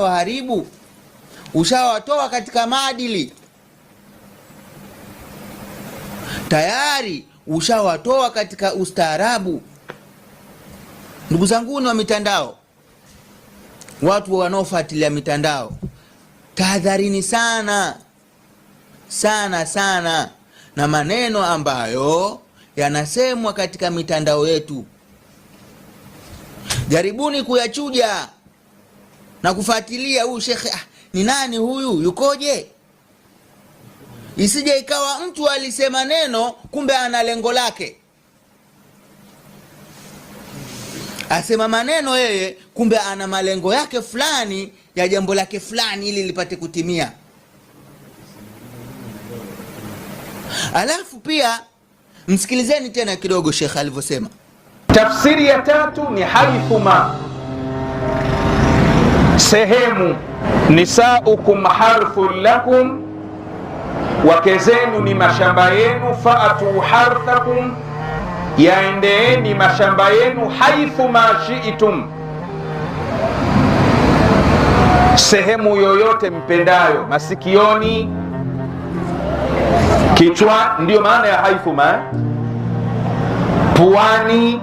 waharibu, ushawatoa katika maadili tayari, ushawatoa katika ustaarabu. Ndugu zanguni wa mitandao, watu wanaofuatilia mitandao, tahadharini sana sana sana na maneno ambayo yanasemwa katika mitandao yetu. Jaribuni kuyachuja, na kufuatilia huyu shekhe, ah, ni nani huyu, yukoje? Isije ikawa mtu alisema neno, kumbe ana lengo lake, asema maneno yeye, kumbe ana malengo yake fulani ya jambo lake fulani, ili lipate kutimia. Alafu pia msikilizeni tena kidogo shekhe alivyosema. Tafsiri ya tatu ni haithuma sehemu nisaukum harthun lakum, wake zenu ni mashamba yenu. Faatu harthakum, yaendeeni mashamba yenu. Haithu ma shiitum, sehemu yoyote mpendayo, masikioni, kichwa, ndiyo maana ya haithuma, puani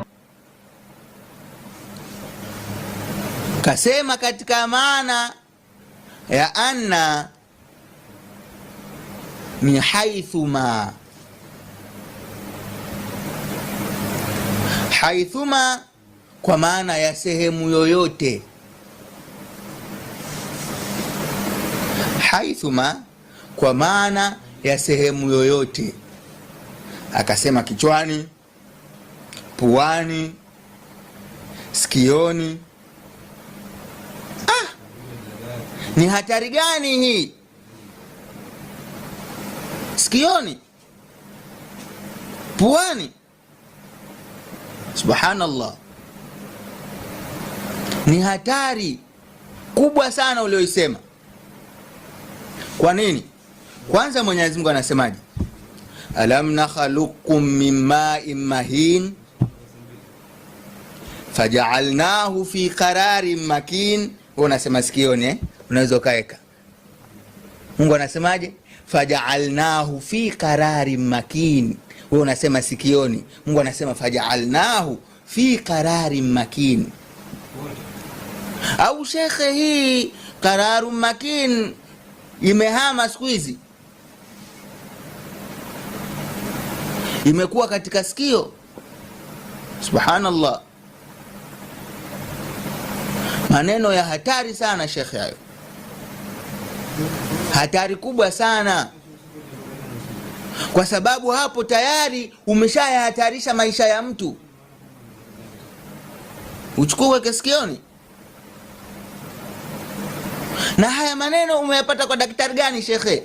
Kasema katika maana ya anna min haithuma, haithuma kwa maana ya sehemu yoyote. Haithuma kwa maana ya sehemu yoyote, akasema kichwani, puani, sikioni Ni hatari gani hii sikioni, puani? Subhanallah, ni hatari kubwa sana ulioisema. Kwa nini? Kwanza Mwenyezi Mungu anasemaje? Alam nakhluqukum min ma'in mahin faja'alnahu fi qararin makin. Unasema sikioni eh? unaweza ukaweka. Mungu anasemaje? fajaalnahu fi qararin makin, wewe unasema sikioni. Mungu anasema fajaalnahu fi qararin makin. Au shekhe, hii qararu makin imehama siku hizi, imekuwa katika sikio. Subhanallah, maneno ya hatari sana shekhe hayo hatari kubwa sana, kwa sababu hapo tayari umeshayahatarisha maisha ya mtu. Uchukue kesikioni Na haya maneno umeyapata kwa daktari gani shekhe?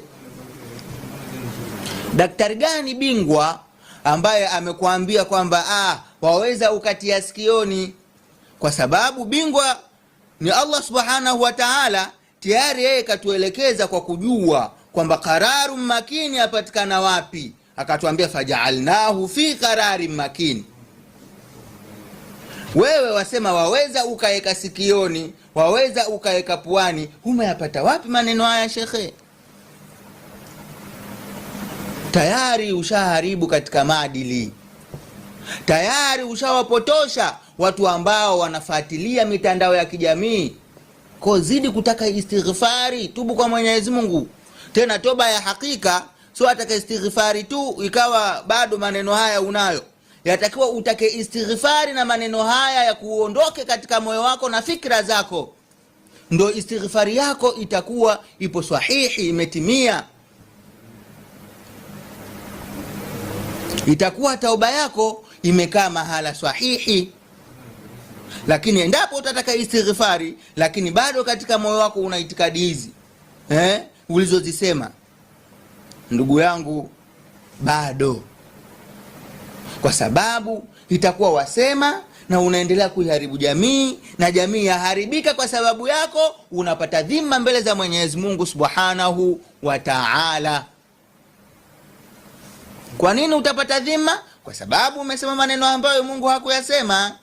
Daktari gani bingwa ambaye amekuambia kwamba ah, waweza ukatia sikioni? Kwa sababu bingwa ni Allah subhanahu wataala tayari yeye katuelekeza kwa kujua kwamba qararu makini apatikana wapi, akatuambia fajaalnahu fi qararin makini. Wewe wasema waweza ukaeka sikioni, waweza ukaeka puani, humeyapata wapi maneno haya shekhe? Tayari ushaharibu katika maadili, tayari ushawapotosha watu ambao wanafuatilia mitandao ya kijamii. Kwa zidi kutaka istighfari, tubu kwa Mwenyezi Mungu, tena toba ya hakika, sio ataka istighfari tu ikawa bado maneno haya unayo. Yatakiwa utake istighfari na maneno haya ya kuondoke katika moyo wako na fikra zako, ndo istighfari yako itakuwa ipo sahihi, imetimia. Itakuwa tauba yako imekaa mahala sahihi. Lakini endapo utataka istighfari, lakini bado katika moyo wako una itikadi hizi eh, ulizozisema, ndugu yangu, bado, kwa sababu itakuwa wasema na unaendelea kuiharibu jamii na jamii yaharibika kwa sababu yako. Unapata dhima mbele za Mwenyezi Mungu Subhanahu wa Ta'ala. Kwa nini utapata dhima? Kwa sababu umesema maneno ambayo Mungu hakuyasema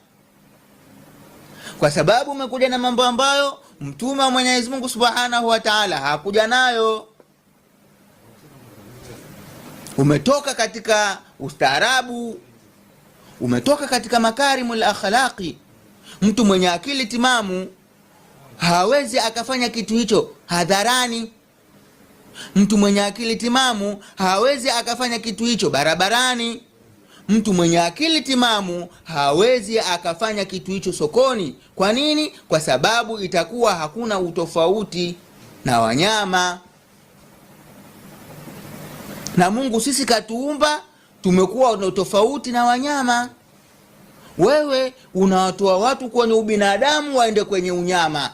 kwa sababu umekuja na mambo ambayo mtume wa Mwenyezi Mungu Subhanahu wa Ta'ala hakuja nayo. Umetoka katika ustaarabu, umetoka katika makarimul akhlaqi. Mtu mwenye akili timamu hawezi akafanya kitu hicho hadharani. Mtu mwenye akili timamu hawezi akafanya kitu hicho barabarani. Mtu mwenye akili timamu hawezi akafanya kitu hicho sokoni. Kwa nini? Kwa sababu itakuwa hakuna utofauti na wanyama. Na Mungu sisi katuumba, tumekuwa na utofauti na wanyama. Wewe unawatoa watu kwenye ubinadamu waende kwenye unyama.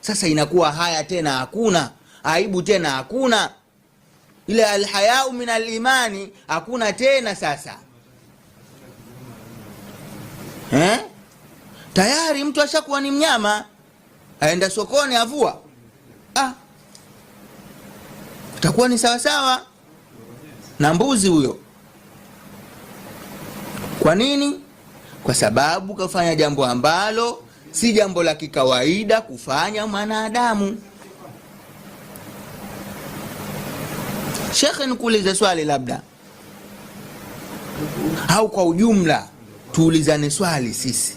Sasa inakuwa haya tena hakuna aibu tena hakuna ile alhayau min alimani hakuna tena sasa eh? Tayari mtu ashakuwa ni mnyama, aenda sokoni avua, ah, utakuwa ni sawasawa na mbuzi huyo. Kwa nini? Kwa sababu kafanya jambo ambalo si jambo la kikawaida kufanya mwanadamu. Shekhe, nikuulize swali labda, au kwa ujumla tuulizane swali sisi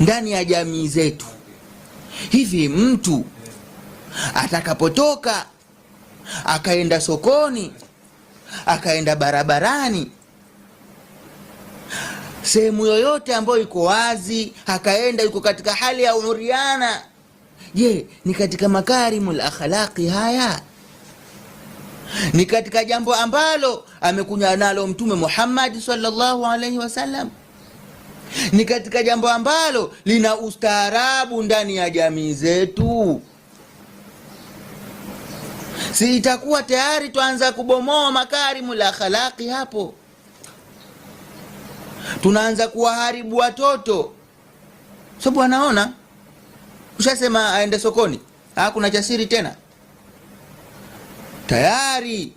ndani ya jamii zetu, hivi mtu atakapotoka akaenda sokoni akaenda barabarani sehemu yoyote ambayo iko wazi akaenda yuko katika hali ya uhuriana, je, ni katika makarimu lakhlaqi Haya ni katika jambo ambalo amekunywa nalo Mtume muhammadi salllahu alaihi wasallam ni katika jambo ambalo lina ustaarabu ndani ya jamii zetu. Si itakuwa tayari twaanza kubomoa makarimu la akhlaqi hapo, tunaanza kuwaharibu watoto. Sababu anaona ushasema aende sokoni, hakuna cha siri tena, tayari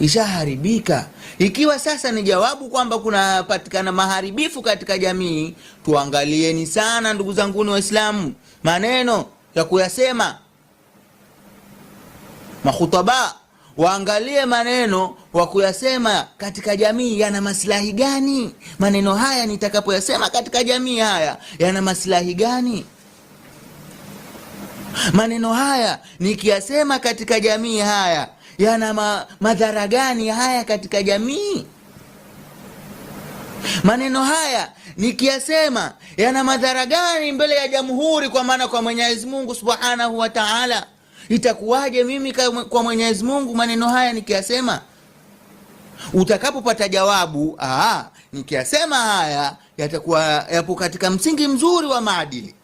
ishaharibika. Ikiwa sasa ni jawabu kwamba kunapatikana maharibifu katika jamii, tuangalieni sana ndugu zanguni Waislamu maneno ya kuyasema mahutaba, waangalie maneno wa kuyasema katika jamii yana maslahi gani? Maneno haya nitakapoyasema katika jamii haya yana maslahi gani? Maneno haya nikiyasema katika jamii, haya yana ma, madhara gani haya katika jamii? Maneno haya nikiyasema yana madhara gani mbele ya jamhuri, kwa maana kwa Mwenyezi Mungu Subhanahu wa Ta'ala? Itakuwaje mimi kwa Mwenyezi Mungu maneno haya nikiyasema? Utakapopata jawabu, aha, nikiyasema haya yatakuwa yapo katika msingi mzuri wa maadili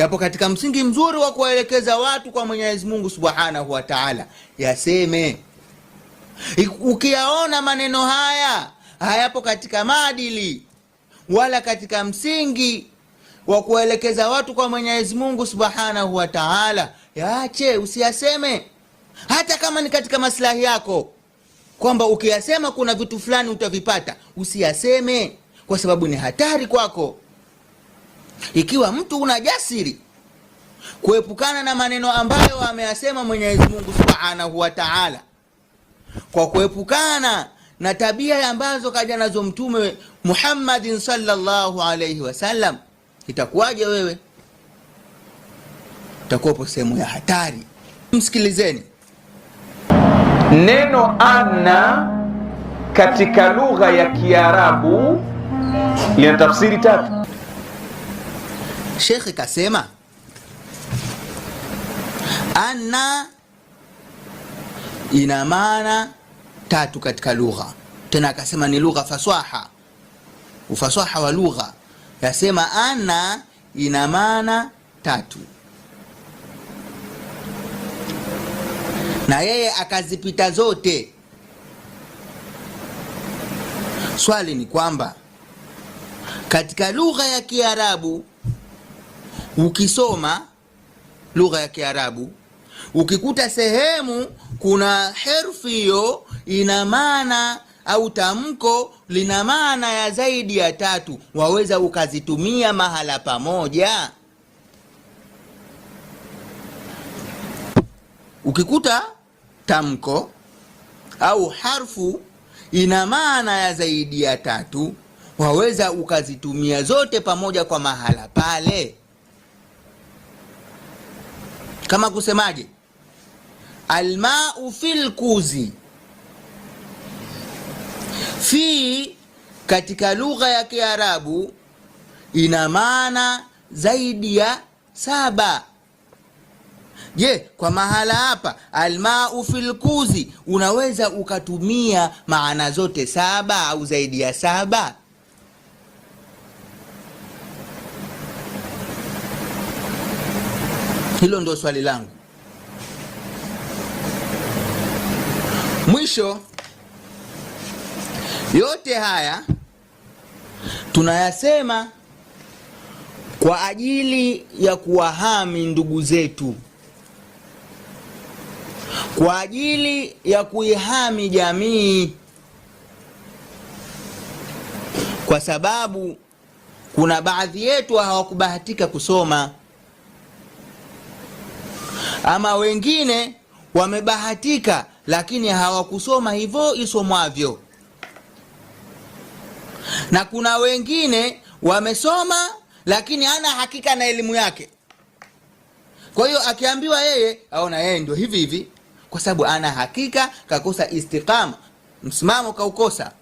yapo katika msingi mzuri wa kuwaelekeza watu kwa Mwenyezi Mungu Subhanahu wa Ta'ala, yaseme. Ukiyaona maneno haya hayapo katika maadili wala katika msingi wa kuwaelekeza watu kwa Mwenyezi Mungu Subhanahu wa Ta'ala, yaache, usiyaseme, hata kama ni katika maslahi yako kwamba ukiyasema kuna vitu fulani utavipata, usiyaseme kwa sababu ni hatari kwako. Ikiwa mtu una jasiri kuepukana na maneno ambayo ameyasema Mwenyezi Mungu Subhanahu wa Ta'ala, kwa kuepukana na tabia ambazo kaja nazo Mtume Muhammadin sallallahu alayhi wasallam, itakuwaje wewe? Utakuwapo sehemu ya hatari. Msikilizeni neno anna katika lugha ya Kiarabu lina tafsiri tatu. Shekhe kasema anna ina maana tatu katika lugha, tena akasema ni lugha fasaha, ufasaha wa lugha. Yasema anna ina maana tatu, na yeye akazipita zote. Swali ni kwamba katika lugha ya Kiarabu ukisoma lugha ya Kiarabu ukikuta sehemu kuna herufi hiyo ina maana au tamko lina maana ya zaidi ya tatu, waweza ukazitumia mahala pamoja. Ukikuta tamko au harfu ina maana ya zaidi ya tatu, waweza ukazitumia zote pamoja kwa mahala pale kama kusemaje, almau fil kuzi fi katika lugha ya Kiarabu ina maana zaidi ya saba. Je, kwa mahala hapa almau fil kuzi unaweza ukatumia maana zote saba au zaidi ya saba? Hilo ndio swali langu. Mwisho, yote haya tunayasema kwa ajili ya kuwahami ndugu zetu, kwa ajili ya kuihami jamii, kwa sababu kuna baadhi yetu hawakubahatika kusoma ama wengine wamebahatika, lakini hawakusoma hivyo isomwavyo, na kuna wengine wamesoma, lakini ana hakika na elimu yake. Kwa hiyo akiambiwa yeye, aona yeye ndio hivi hivi, kwa sababu ana hakika, kakosa istiqama, msimamo kaukosa.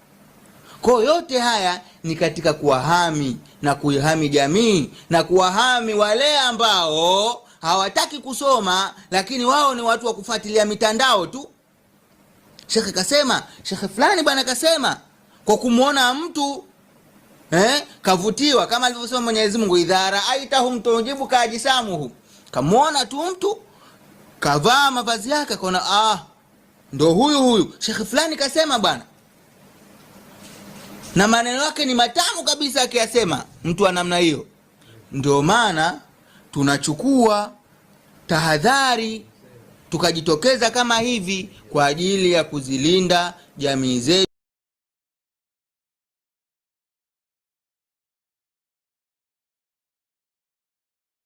Kwa yote haya ni katika kuwahami na kuihami jamii na kuwahami wale ambao hawataki kusoma, lakini wao ni watu wa kufuatilia mitandao tu. Shekhe kasema, shekhe fulani bwana kasema, kwa kumwona mtu eh, kavutiwa, kama alivyosema Mwenyezi Mungu, idha raaitahum tujibuka kaajisamuhu, kamwona tu mtu kavaa mavazi yake kaona, ah, ndo huyu huyu shekhe fulani kasema bwana na maneno yake ni matamu kabisa akiyasema mtu wa namna hiyo. Ndio maana tunachukua tahadhari tukajitokeza kama hivi kwa ajili ya kuzilinda jamii zetu.